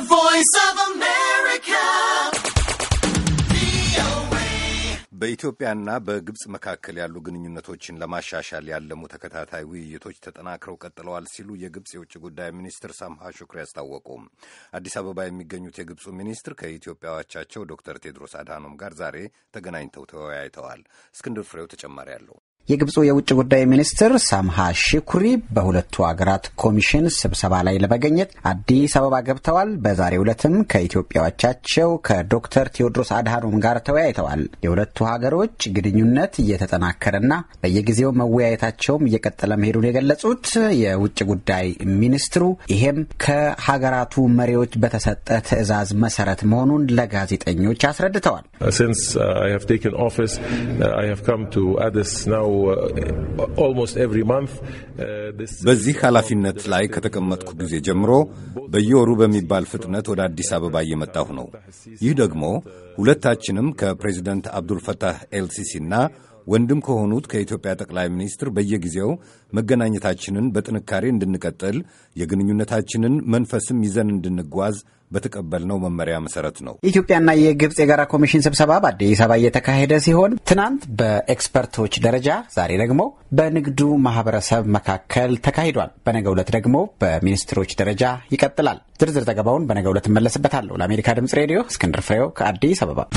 The Voice በኢትዮጵያና በግብፅ መካከል ያሉ ግንኙነቶችን ለማሻሻል ያለሙ ተከታታይ ውይይቶች ተጠናክረው ቀጥለዋል ሲሉ የግብፅ የውጭ ጉዳይ ሚኒስትር ሳምሃ ሹክሪ አስታወቁ። አዲስ አበባ የሚገኙት የግብፁ ሚኒስትር ከኢትዮጵያ አቻቸው ዶክተር ቴድሮስ አድሃኖም ጋር ዛሬ ተገናኝተው ተወያይተዋል። እስክንድር ፍሬው ተጨማሪ አለው። የግብፁ የውጭ ጉዳይ ሚኒስትር ሳምሃ ሽኩሪ በሁለቱ አገራት ኮሚሽን ስብሰባ ላይ ለመገኘት አዲስ አበባ ገብተዋል። በዛሬው ዕለትም ከኢትዮጵያዎቻቸው ከዶክተር ቴዎድሮስ አድሃኖም ጋር ተወያይተዋል። የሁለቱ ሀገሮች ግንኙነት እየተጠናከረና በየጊዜው መወያየታቸውም እየቀጠለ መሄዱን የገለጹት የውጭ ጉዳይ ሚኒስትሩ ይሄም ከሀገራቱ መሪዎች በተሰጠ ትዕዛዝ መሰረት መሆኑን ለጋዜጠኞች አስረድተዋል። Uh, uh, በዚህ ኃላፊነት ላይ ከተቀመጥኩ ጊዜ ጀምሮ በየወሩ በሚባል ፍጥነት ወደ አዲስ አበባ እየመጣሁ ነው። ይህ ደግሞ ሁለታችንም ከፕሬዚደንት አብዱልፈታህ ኤልሲሲና ወንድም ከሆኑት ከኢትዮጵያ ጠቅላይ ሚኒስትር በየጊዜው መገናኘታችንን በጥንካሬ እንድንቀጥል የግንኙነታችንን መንፈስም ይዘን እንድንጓዝ በተቀበልነው መመሪያ መሰረት ነው። ኢትዮጵያና የግብፅ የጋራ ኮሚሽን ስብሰባ በአዲስ አበባ እየተካሄደ ሲሆን ትናንት በኤክስፐርቶች ደረጃ፣ ዛሬ ደግሞ በንግዱ ማህበረሰብ መካከል ተካሂዷል። በነገው ዕለት ደግሞ በሚኒስትሮች ደረጃ ይቀጥላል። ዝርዝር ዘገባውን በነገው ዕለት እመለስበታለሁ። ለአሜሪካ ድምፅ ሬዲዮ እስክንድር ፍሬው ከአዲስ አበባ